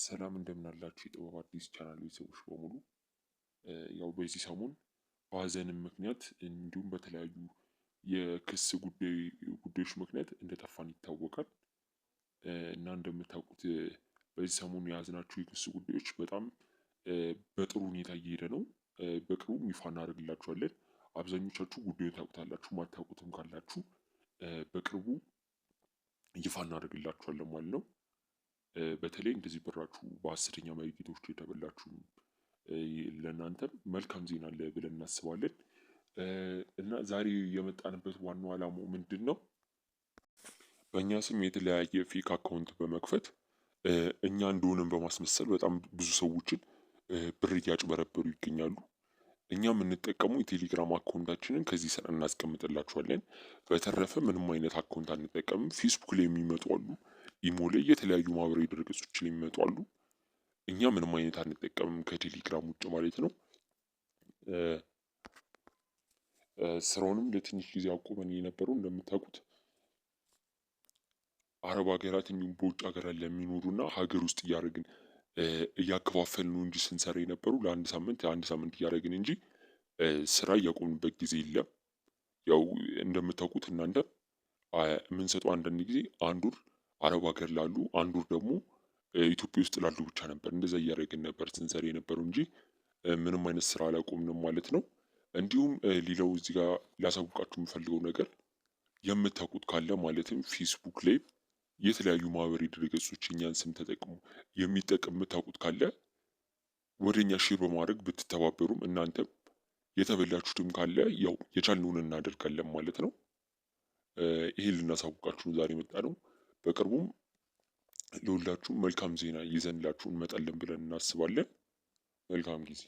ሰላም እንደምናላችሁ የጥበብ አዲስ ቻናል ቤተሰቦች በሙሉ ያው በዚህ ሰሞን በሀዘንም ምክንያት እንዲሁም በተለያዩ የክስ ጉዳዮች ምክንያት እንደጠፋን ይታወቃል እና እንደምታውቁት በዚህ ሰሞን የያዝናቸው የክስ ጉዳዮች በጣም በጥሩ ሁኔታ እየሄደ ነው። በቅርቡም ይፋ እናደርግላችኋለን። አብዛኞቻችሁ ጉዳዩን ታውቁታላችሁ፣ ማታውቁትም ካላችሁ በቅርቡ ይፋ እናደርግላችኋለን ማለት ነው። በተለይ እንደዚህ ብራችሁ በአስረኛ መሪጌቶች የተበላችሁ ለእናንተም መልካም ዜና አለ ብለን እናስባለን። እና ዛሬ የመጣንበት ዋናው ዓላማው ምንድን ነው? በእኛ ስም የተለያየ ፌክ አካውንት በመክፈት እኛ እንደሆነን በማስመሰል በጣም ብዙ ሰዎችን ብር እያጭበረበሩ ይገኛሉ። እኛ የምንጠቀመው የቴሌግራም አካውንታችንን ከዚህ ስር እናስቀምጥላችኋለን። በተረፈ ምንም አይነት አካውንት አንጠቀምም። ፌስቡክ ላይ የሚመጡ አሉ ኢሞ ላይ የተለያዩ ማህበራዊ ድረገጾች ላይ የሚመጡ አሉ። እኛ ምንም አይነት አንጠቀምም ከቴሌግራም ውጭ ማለት ነው። ስራውንም ለትንሽ ጊዜ አቁመን የነበረው እንደምታውቁት አረብ ሀገራት እንዲሁም በውጭ ሀገራት ለሚኖሩ ለሚኖሩና ሀገር ውስጥ እያደረግን እያከፋፈል ነው እንጂ ስንሰራ የነበሩ ለአንድ ሳምንት አንድ ሳምንት እያደረግን እንጂ ስራ እያቆምንበት ጊዜ የለም። ያው እንደምታውቁት እናንተ የምንሰጠው አንዳንድ ጊዜ አንድ ወር አረብ ሀገር ላሉ፣ አንድ ወር ደግሞ ኢትዮጵያ ውስጥ ላሉ ብቻ ነበር። እንደዛ እያደረግን ነበር ስንሰራ የነበረው እንጂ ምንም አይነት ስራ አላቆምንም ማለት ነው። እንዲሁም ሌላው እዚህ ጋር ላሳውቃችሁ የምፈልገው ነገር የምታውቁት ካለ ማለትም ፌስቡክ ላይ የተለያዩ ማህበራዊ ድረገጾች እኛን ስም ተጠቅሙ የሚጠቅም የምታውቁት ካለ ወደ እኛ ሼር በማድረግ ብትተባበሩም እናንተም የተበላችሁትም ካለ ያው የቻልነውን እናደርጋለን ማለት ነው። ይሄ ልናሳውቃችሁ ዛሬ መጣ ነው። በቅርቡም ለሁላችሁም መልካም ዜና ይዘንላችሁ እንመጣለን ብለን እናስባለን። መልካም ጊዜ